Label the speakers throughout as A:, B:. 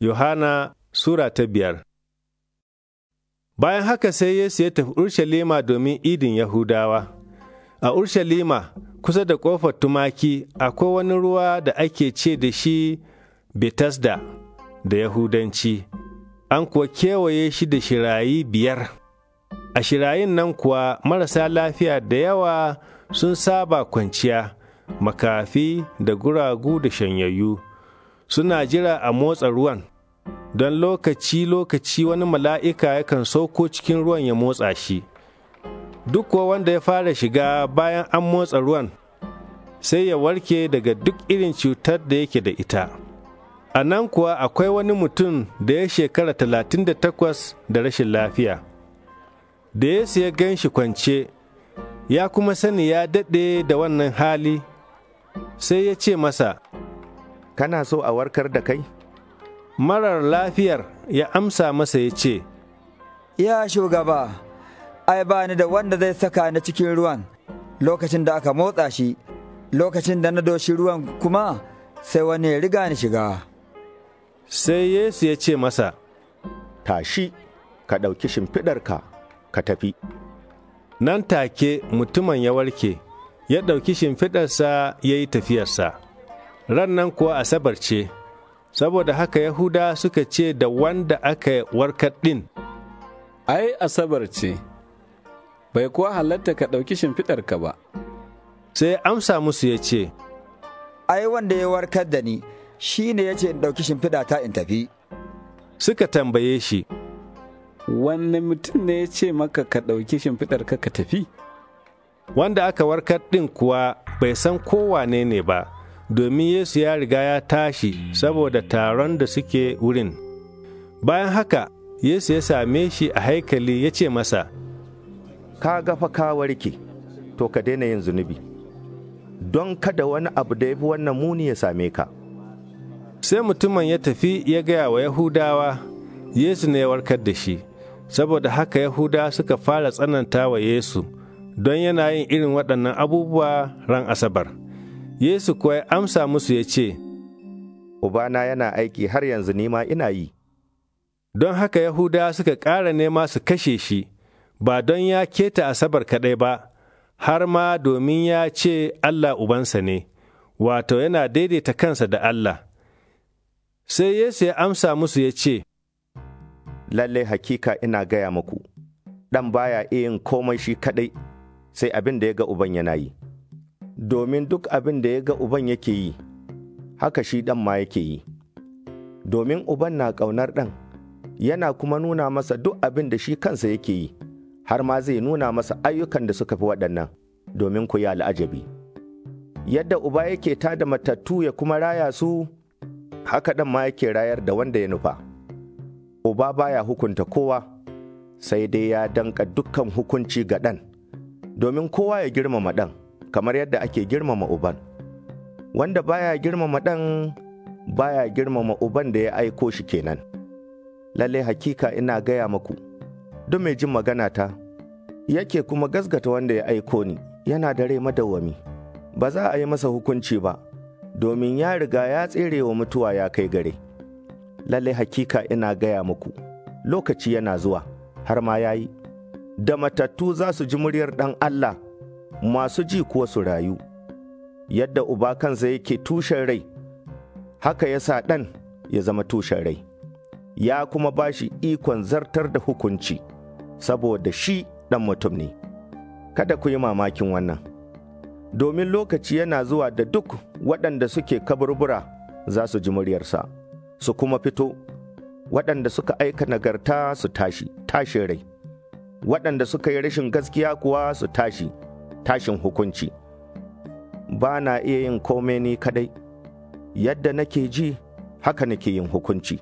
A: Yohana Sura ta biyar Bayan haka sai Yesu ya tafi Urshalima domin idin Yahudawa. A Urshalima, kusa da ƙofar tumaki, akwai wani ruwa da ake ce da shi betesda da Yahudanci, an kuwa kewaye shi da shirayi biyar. A shirayin nan kuwa marasa lafiya da yawa sun saba kwanciya, makafi da guragu da shanyayyu. suna jira a motsa ruwan, don lokaci-lokaci wani mala'ika yakan sauko cikin ruwan ya motsa shi. Duk kuwa wanda ya fara shiga bayan an motsa ruwan, sai ya warke daga duk irin cutar da yake da ita. A nan kuwa akwai wani mutum da ya shekara talatin da takwas da rashin lafiya. Da ya ya gan shi kwance, ya kuma sani ya daɗe da wannan hali, sai ya ce masa, kana so a warkar da kai? Marar lafiyar ya amsa masa ya ce, Ya shugaba, ai ba ni da wanda zai saka ni cikin ruwan lokacin da aka motsa shi, lokacin da na doshi ruwan kuma sai wani ya riga ni shiga. Sai Yesu ya ce masa, Tashi, ka ɗauki shimfiɗarka, ka tafi. Nan take mutumin ya warke, ya ɗauki shimfiɗarsa ya yi tafiyarsa. Rannan kuwa asabar ce saboda haka yahuda suka ce da wanda aka warkar ɗin ai asabar ce bai kuwa halatta ka ɗauki shimfiɗarka ba sai amsa musu ya ce ai wanda ya warkar da ni shi ne ya ce in ɗauki shimfiɗata in tafi suka tambaye shi wanne mutum ne ya ce maka ka ɗauki shimfiɗarka ka tafi wanda aka warkar ɗin kuwa bai san kowane ne ba domin Yesu ya riga ya tashi saboda taron da suke wurin. Bayan haka, Yesu ya same shi a haikali ya ce masa,
B: Ka gafa ka warke, to ka daina yin zunubi, don kada wani abu da ya fi wannan muni ya same ka. Sai mutumin ya tafi
A: ya gaya wa Yahudawa, Yesu ne ya warkar da shi, saboda haka Yahuda suka fara tsananta wa Yesu, don yana yin irin waɗannan abubuwa ran Asabar. Yesu kuwa ya amsa musu ya ce, Ubana yana aiki har yanzu nima ina yi. Don haka Yahuda suka ƙara nema su kashe shi, ba don ya keta asabar kaɗai ba, har ma domin ya ce Allah Ubansa ne, wato yana daidaita kansa da Allah. Sai Yesu
B: ya amsa musu ya ce, Lalle hakika ina gaya muku, ɗan baya iya yin komai shi kaɗai, sai abin da ya ga Uban yana yi. domin duk abin da ya ga uban yake yi, haka shi ɗan ma yake yi. Domin uban na ƙaunar ɗan, yana kuma nuna masa duk abin da shi kansa yake yi, har ma zai nuna masa ayyukan da suka fi waɗannan, domin ku yi al'ajabi. Yadda uba yake ta da matattu ya kuma raya su, haka ɗan ma yake rayar da wanda ya nufa. Uba baya hukunta kowa, sai dai ya danka dukkan hukunci ga ɗan, domin kowa ya girmama ɗan. kamar yadda ake girmama uban. Wanda baya girmama ɗan baya girmama uban da ya aiko shi kenan. Lalle hakika ina gaya maku, don mai jin magana ta, yake kuma gasgata wanda ya aiko ni, yana da rai madawwami. Ba za a yi masa hukunci ba, domin ya riga ya tsere wa mutuwa ya kai gare. Lalle hakika ina gaya muku, lokaci yana zuwa, har ma ya yi, da matattu za su ji muryar ɗan Allah. masu ji kuwa su rayu. Yadda uba kansa yake tushen rai, haka ya sa ɗan ya zama tushen rai. Ya kuma ba shi ikon zartar da hukunci, saboda shi ɗan mutum ne. Kada ku yi mamakin wannan. Domin lokaci yana zuwa da duk waɗanda suke kaburbura za su ji muryarsa, su kuma fito waɗanda suka aika nagarta su tashi, tashin rai, waɗanda suka yi rashin gaskiya kuwa su tashi, tashin hukunci ba na iya yin komai ni kadai yadda nake ji haka nake yin hukunci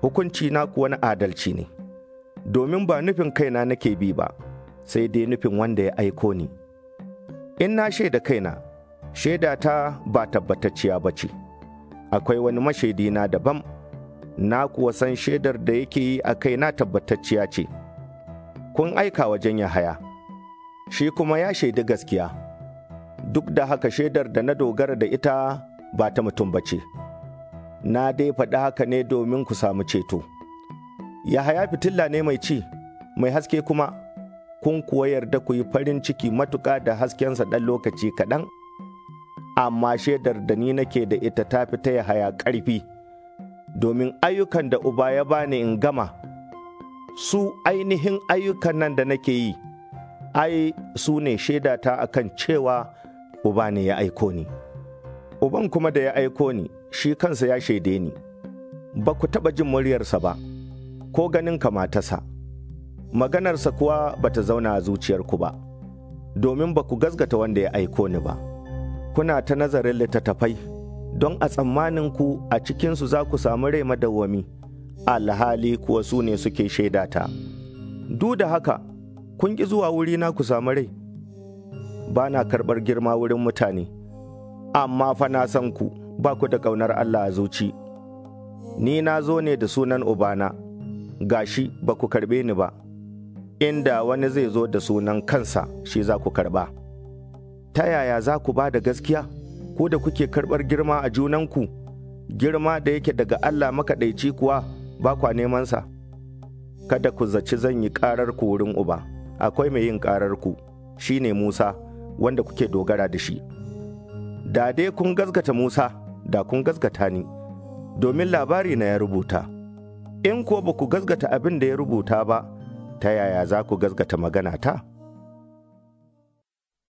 B: hukunci na kuwa na adalci ne domin ba nufin kaina nake bi ba sai dai nufin wanda ya aiko ni in na shaida kaina shaida ta ba tabbatacciya ba ce akwai wani mashaidina daban na kuwa san shaidar da yake yi a kaina tabbatacciya ce kun aika wajen ya haya. shi kuma ya shaidi gaskiya, duk da haka shaidar da na dogara da ita ba ta mutum ba ce, na dai faɗi haka ne domin ku samu ceto. Yahaya fitilla ne mai ci, mai haske kuma, kun kuwa yarda ku yi farin ciki matuƙa da haskensa ɗan lokaci kaɗan, amma shaidar da ni nake da ita ta fi ta Yahaya ƙarfi, domin ayyukan da Uba ya bani in gama, su ainihin ayyukan nan da nake yi. ai su ne ta akan cewa Uba ne ya aiko ni. Uban kuma da ya aiko ni, shi kansa ya shaide ni, ba ku taɓa jin muryarsa ba, ko ganin kamatarsa, maganarsa kuwa ba ta zauna a zuciyarku ba, domin ba ku gazgata wanda ya aiko ni ba. Kuna ta nazarin littattafai, don a tsammanin ku a cikinsu za ku samu rai madawwami, alhali kuwa su ne suke shaidata. Duk da haka, kun ƙi zuwa wurina ku samu rai, ba na karɓar girma wurin mutane, amma fa na san ku ba ku da ƙaunar Allah a zuci. Ni na zo ne da sunan Ubana, gashi ba ku karɓe ni ba, inda wani zai zo da sunan kansa shi za ku karɓa. Ta yaya za ku ba da gaskiya, ko da kuke karɓar girma a junanku, girma da yake daga Allah makaɗaici kuwa ba kwa nemansa. Kada ku zaci zan yi ƙarar ku wurin Uba. akwai mai yin ƙararku, shi ne Musa, wanda kuke dogara da shi. Da dai kun gaskata Musa, da kun gaskata ni, domin labari na ya rubuta. In ko ba ku gaskata abin da ya rubuta ba, ta yaya za ku gaskata magana ta?